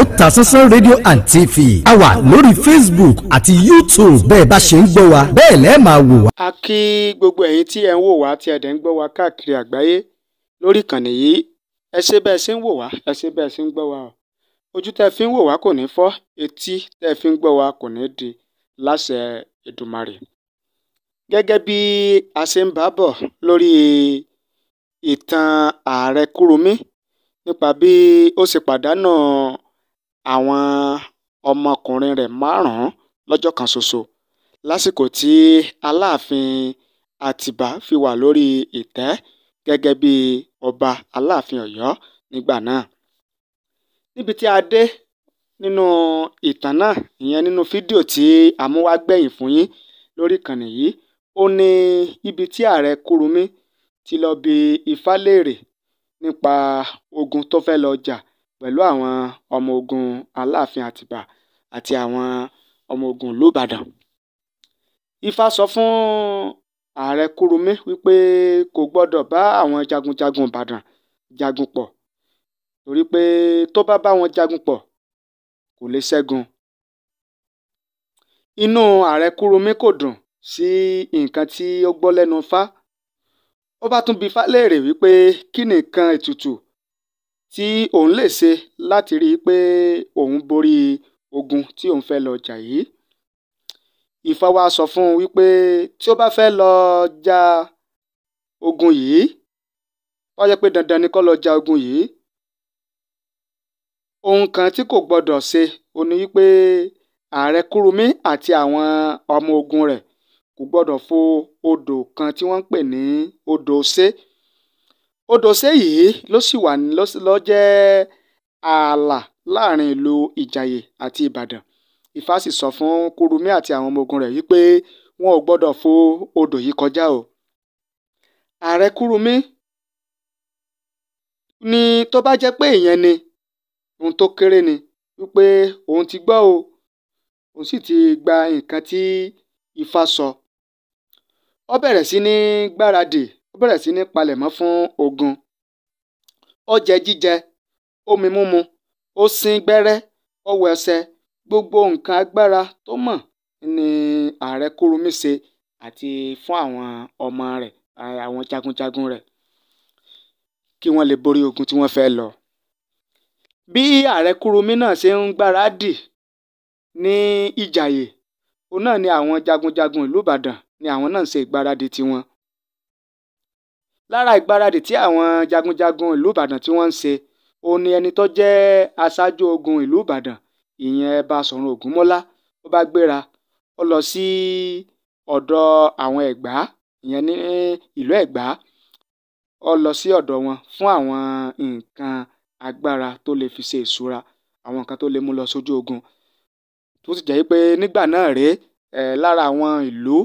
Otasansan rédíò and TV a wà lórí Facebook àti YouTube bẹ́ẹ̀ bá ṣe ń gbọ́ wa bẹ́ẹ̀ lẹ́ẹ̀ máa wò wá. a kí gbogbo ẹ̀yin tí ẹ ń wò wá tí ẹ ń gbọ́ wa káàkiri àgbáyé lórí ìkànnì yìí ẹ ṣe bẹ́ẹ̀ ṣe ń wò wá ẹ ṣe bẹ́ẹ̀ ṣe ń gbọ́ wa o ojú tẹ́ fi ń wò wá kò ní fọ́ etí tẹ́ fi ń gbọ́ wa kò ní di láṣẹ Èdùmàrè gẹ́gẹ́ bí a ṣe ń bá bọ̀ lórí ìtàn ààrẹ Kúrúnmí nípa bí ó ṣe pàdánù àwọn ọmọkùnrin rẹ̀ márùn-ún lọ́jọ́ kan ṣoṣo lásìkò tí aláàfin àtibá fi wà lórí ìtẹ́ gẹ́gẹ́ bíi ọba aláàfin ọ̀yọ́ nígbà náà níbi tí a dé nínú ìtàn náà ìyẹn nínú fídíò tí a mú wá gbẹ̀yìn fún yín lórí ìkànnì yìí ó ní ibi tí ààrẹ kúrúnmí ti lọ́ọ́ bi ifá léèrè nípa ogun tó fẹ́ lọ́ọ́ jà pẹ̀lú àwọn ọmọ ogun aláàfin àtibá àti àwọn ọmọ ogun ìlú ìbàdàn ifá sọ fún ààrẹ kúrúnmí wípé kò gbọdọ̀ bá àwọn jagunjagun ìbàdàn jagun pọ̀ torí pé tó bá bá wọn jagun pọ̀ kò lè ṣẹ́gun inú ààrẹ kúrúnmí kò dùn sí nǹkan tí ó gbọ́ lẹ́nu ifá ó bá tún bi ifá léèrè wípé kí ni nǹkan ètùtù tí òun lè ṣe láti rí i pé òun borí ogun tí òun fẹ́ lọ jà yìí. Ifá wá sọ fún un wípé tí ó bá fẹ́ lọ ja ogun yìí tó jẹ́ pé dandan ni kó lọ ja ogun yìí ohun kan tí kò gbọdọ̀ ṣe òun ni wípé ààrẹ Kúrúnmí àti àwọn ọmọ ogun rẹ̀ kò gbọdọ̀ fo odò kan tí wọ́n ń pè ní odò Sé Odòṣe yìí ló sì wà ló jẹ́ ààlà láàrin ìlú Ìjàyè àti Ìbàdàn. Ifá sì sọ fún kurumi àti àwọn ọmọ ogun rẹ̀ wípé wọn ò gbọdọ̀ fo odò yìí kọjá o. Ààrẹ Kúrúnmí ní tó bá jẹ́ pé ìyẹn ni ohun tó kéré ni wípé òun ti gbọ́ o, òun sì ti gba nǹkan tí Ifá sọ. Ó bẹ̀rẹ̀ sí ní gbáradì ó bẹ̀rẹ̀ sí ní palẹ̀mọ́ fún ogun ó jẹ jíjẹ ó mi múmu ó sín gbẹ́rẹ́ ó wẹsẹ̀ gbogbo nǹkan agbára tó mọ̀ ni ààrẹ Kúrúnmí ṣe àti fún àwọn ọmọ rẹ̀ àwọn jagunjagun rẹ̀ kí wọ́n lè borí ogun tí wọ́n fẹ́ lọ. bí ààrẹ Kúrúnmí náà ṣe ń gbáradì ní Ìjàyè òun náà ni àwọn jagunjagun ìlú Ìbàdàn ni àwọn náà ń ṣe ìgbáradì tiwọn lára ìgbáradì tí àwọn jagunjagun ìlú ìbàdàn tí wọ́n ń ṣe òun ni ẹni tó jẹ́ aṣáájú ogun ìlú ìbàdàn ìyẹn Basọ̀run Ògúnmọ́lá ó bá gbéra ó lọ sí ọ̀dọ̀ àwọn ẹ̀gbá ìyẹn ní ìlú ẹ̀gbá ó lọ sí ọ̀dọ̀ wọn fún àwọn nǹkan agbára tó lè fi ṣe ìṣúra àwọn nǹkan tó lè mú lọ sójú ogun tó sì jẹ́ pé nígbà náà rèé lára àwọn ìlú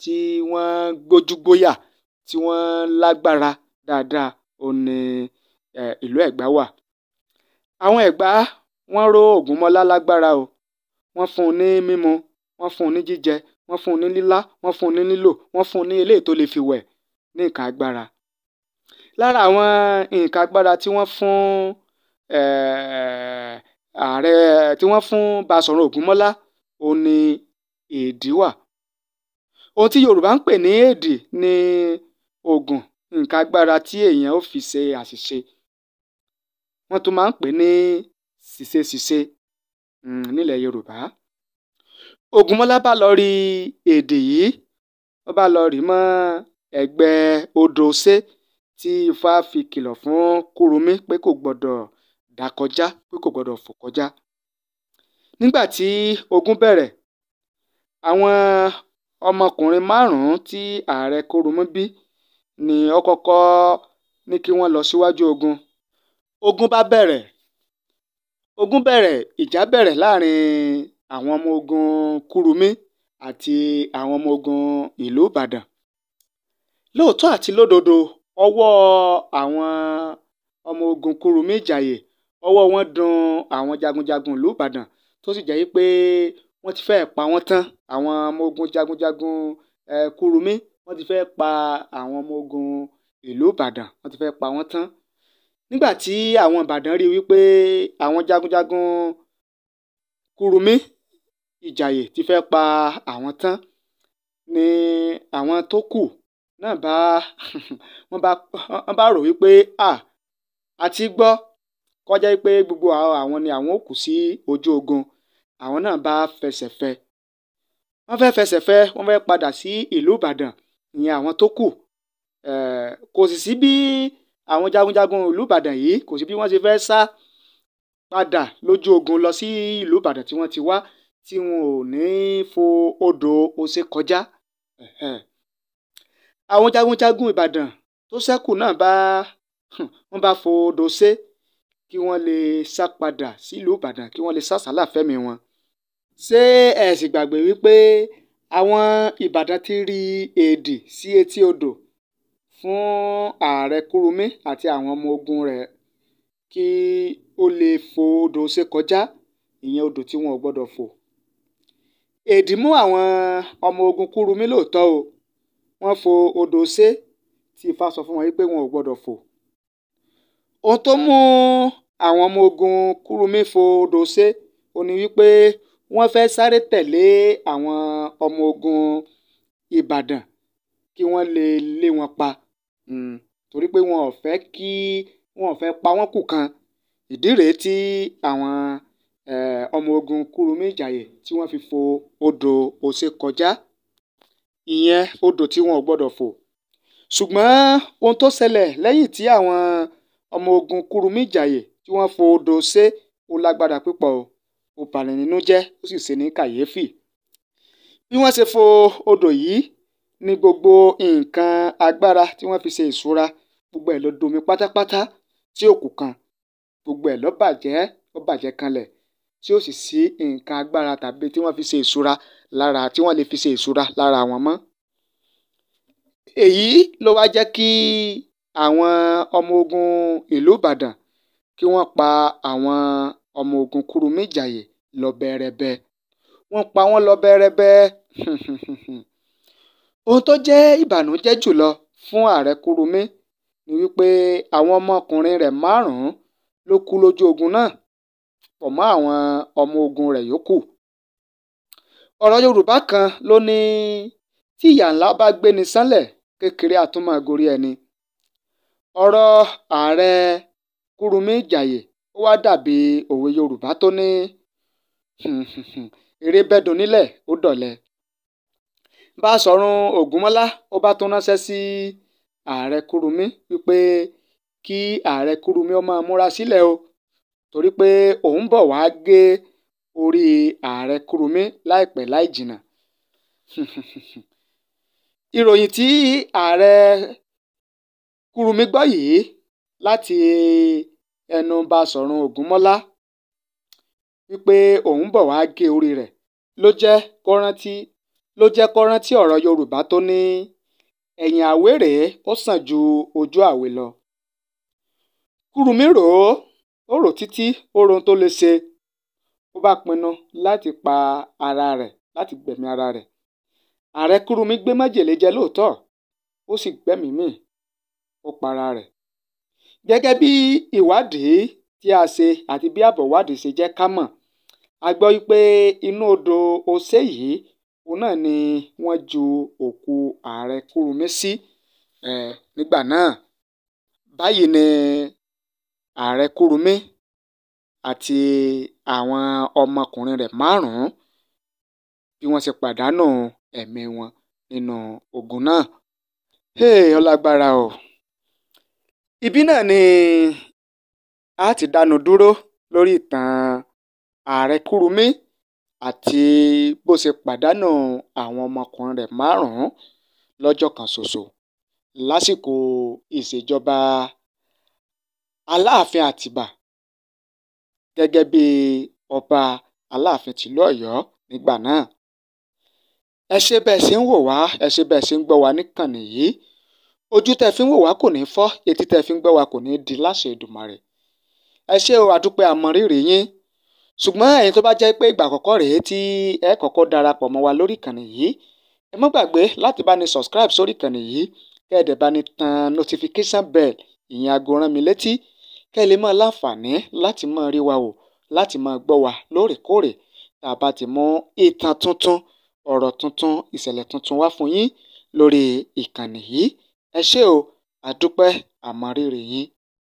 tí wọ́n gbójúgbóyà tí wọ́n lágbára dáadáa òun ní ìlú Ẹ̀gbá wà. Àwọn Ẹ̀gbá wọ́n ró Ògúnmọ́lá lágbára o. Wọ́n fún un ní mímu, wọ́n fún un ní jíjẹ, wọ́n fún un ní lílá, wọ́n fún un ní lílò, wọ́n fún un ní eléyìí tó lè fi wẹ̀ ní nǹkan agbára. Lára àwọn nǹkan agbára tí wọ́n fún ààrẹ tí wọ́n fún Baṣọ̀run Ògúnmọ́lá òun ni èdì wà. Ohun tí Yorùbá ń pè ní èdì ni Ogun, nǹkan agbára tí èèyàn ó fi ṣe àṣìṣe wọ́n tún máa ń pè é ní ṣìṣeṣìṣe um hmm, nílẹ̀ Yorùbá Ògúnmọ́lá bá lọ rí èdè yìí ó bá lọ rì í mọ́ ẹ̀gbẹ́ odò ṣé tí Ifá fi kìlọ̀ fún Kúrunmí pé kò gbọdọ̀ dà pé kò gbọdọ̀ fò Nígbà tí ogun bẹ̀rẹ̀ àwọn ọmọkùnrin márùn tí ààrẹ Kúrunmí bí ni ó kọ́kọ́ ní kí wọ́n lọ síwájú ogun ogun bá bẹ̀rẹ̀ ogun bẹ̀rẹ̀ ìjà bẹ̀rẹ̀ láàrin àwọn ọmọ ogun kúrúmí àti àwọn ọmọ ogun ìlú ìbàdàn lóòótọ́ àti lódodo ọwọ́ àwọn ọmọ ogun kúrúmí ìjàyè ọwọ́ wọn dun àwọn jagunjagun ìlú ìbàdàn tó sì jẹ́ wípé wọ́n ti fẹ́ẹ̀ pa wọ́n tán àwọn ọmọ ogun jagunjagun ẹ̀ kúrúmí wọ́n ti fẹ́ pa àwọn ọmọ ogun ìlú ìbàdàn wọ́n ti fẹ́ pa wọ́n tán nígbà tí àwọn ìbàdàn rí wípé àwọn jagunjagun kúrúmí ìjàyè ti fẹ́ pa àwọn tán ni àwọn tó kù náà bá wọ́n bá wọ́n bá rò wípé à àti gbọ́ kọjá wípé gbogbo àwọn ni àwọn ò kù sí ojú ogun àwọn náà bá fẹsẹ̀ fẹ wọ́n fẹ́ fẹsẹ̀ fẹ wọ́n fẹ́ padà sí ìlú ìbàdàn ìyẹn àwọn tó kù kò sì sí bí àwọn jagunjagun ìlú Ìbàdàn yìí kò sí bí wọ́n ṣe fẹ́ sá padà lójú ogun lọ sí ìlú Ìbàdàn tí wọ́n ti wá tí wọn ò ní fo odò Ose kọjá àwọn jagunjagun Ìbàdàn tó ṣẹ́kù náà bá wọ́n bá fo odò Ose kí wọ́n lè sá padà sílùú Ìbàdàn kí wọ́n lè sá sálà fẹ́mi wọn ṣé ẹ sì gbàgbé wípé àwọn ìbàdàn ti ri èdì sí etí odò fún ààrẹ kúrúnmí àti àwọn ọmọ ogun rẹ̀ kí ó lè fòdò ṣèkọjá ìyẹn odò tí wọn ò gbọdọ̀ fò èdì mú àwọn ọmọ ogun kúrúnmí lóòótọ́ o wọ́n fo odò ṣe tí ifá sọ fún wọn pé wọn ò gbọdọ̀ fò ohun tó mú àwọn ọmọ ogun kúrúnmí fo odò ṣe ó wípé wọ́n fẹ́ sáré tẹ̀lé àwọn ọmọ ogun Ìbàdàn kí wọ́n lè lé wọn pa hmm, torí pé wọn ò fẹ́ kí wọn ò fẹ́ pa wọ́n kù kan ìdí rèé tí àwọn ọmọ ogun Kúrúnmí Ìjàyè tí wọ́n fi fo odò Òsè kọjá ìyẹn odò tí wọn ò gbọ́dọ̀ fò ṣùgbọ́n ohun tó ṣẹlẹ̀ lẹ́yìn tí àwọn ọmọ ogun Kúrúnmí Ìjàyè tí wọ́n fo odò Òsè ó lágbára púpọ̀ o ó bani nínú jẹ́ ó sì ṣe ní kàyéfì bí wọ́n ṣe fo odò yìí ní gbogbo nǹkan agbára tí wọ́n fi ṣe ìṣúra gbogbo ẹ̀ ló domi pátápátá tí òkú kan gbogbo ẹ̀ ló bàjẹ́ ló bàjẹ́ kanlẹ̀ tí ó sì sí nǹkan agbára tàbí tí wọ́n fi ṣe ìṣúra lára tí wọ́n lè fi ṣe ìṣúra lára wọn mọ́. èyí ló wá jẹ́ kí àwọn ọmọ ogun ìlú Ìbàdàn kí wọ́n pa àwọn ọmọ ogun Kúrúnmí Ìjàyè lọ bẹẹrẹbẹ wọ́n pa wọ́n lọ bẹẹrẹbẹ ohun tó jẹ́ ìbànújẹ́ jùlọ fún ààrẹ Kúrúnmí ni wípé àwọn ọmọkùnrin rẹ̀ márùn-ún ló kú lójú ogun náà pọ̀ mọ́ àwọn ọmọ ogun rẹ̀ yòókù ọ̀rọ̀ Yorùbá kan ló ní tí ìyà ńlá bá gbéni ṣánlẹ̀ kékeré á tún máa gorí ẹni ọ̀rọ̀ ààrẹ Kúrúnmí Ìjàyè ó wá dàbí òwe yorùbá tó ní hmm, hmm, hmm, eré bẹ́dùn nílẹ̀ ó dọ̀lẹ. Báṣọ̀run Ògúnmọ́lá ó bá tún ránṣẹ́ sí ààrẹ Kúrúnmí wípé kí ààrẹ Kúrúnmí ó máa múra sílẹ̀ o torí pé òun bọ̀ wá gé orí ààrẹ Kúrúnmí láìpẹ́ láì jìnnà. Ìròyìn tí ààrẹ Kúrúnmí gbọ́ yìí láti ẹnu Baṣọ̀run Ògúnmọ́lá wípé òun bọ̀ wá gé orí rẹ̀ ló jẹ́ kó rántí ló jẹ́ kó rántí ọ̀rọ̀ Yorùbá tó ní “ẹ̀yìn àwé rèé ó sàn ju ojú àwé lọ”. Kúrúnmí rò ó, ó rò títí ó rohun tó lè ṣe, ó bá pinnu láti pa ara rẹ̀ láti gbẹ̀mí ara rẹ̀. Ààrẹ Kúrúnmí gbé májèlé jẹ lóòótọ́, ó sì gbẹ́mìí mì, ó para rẹ̀ gẹ́gẹ́ bí ìwádìí tí a ṣe àti bí àbọ̀ ìwádìí ṣe jẹ́ ká mọ̀ a gbọ́ pé inú odò Ose yìí òun náà ni wọ́n ju òkú ààrẹ Kúrúnmí sí eh, nígbà náà báyìí ni ààrẹ Kúrúnmí àti àwọn ọmọkùnrin rẹ̀ márùn-ún bí wọ́n ṣe pàdánù ẹ̀mí wọn nínú ogun náà. Hey, ó lágbára ibí náà ni a ti dánu dúró lórí ìtàn ààrẹ kúrúmí àti bó ṣe pàdánù àwọn ọmọkùnrin rẹ̀ márùn-ún lọ́jọ́ kan ṣoṣo lásìkò ìṣèjọba aláàfin àtìbà gẹ́gẹ́ bí ọba aláàfin tìlú ọ̀yọ́ nígbà náà ẹ ṣé bẹ́ẹ̀ ṣe ń wò wá ẹ ṣé bẹ́ẹ̀ ṣe ń gbọ́ wá níkànnì yìí ojú tẹ́ fi ń wò wá kò ní fọ́ etí tẹ́ fi ń gbọ́ wá kò ní di láṣẹ Èdùmàrè ẹ ṣé o àdúpẹ́ àmọrírì yín ṣùgbọ́n ẹ̀yin tó bá jẹ́ pé ìgbà àkọ́kọ́ rèé tí ẹ kọ́kọ́ darapọ̀ mọ́ wa lórí ìkànnì yìí ẹ má gbàgbé láti bá ní subscribe sórí ìkànnì yìí kẹ́ ẹ dẹ̀ bá ní tan notification bell ìyẹn aago rán mi létí kẹ́ ẹ lè máa láǹfààní láti máa rí wa wò láti máa gbọ́ wa lóòrèkóòrè tá a bá ti mú ìtàn tuntun ọ̀rọ̀ tuntun ìṣẹ̀lẹ̀ tuntun wá fún yín lórí ìkànnì yìí ẹ ṣé o a dúpẹ́ àmọrírì yín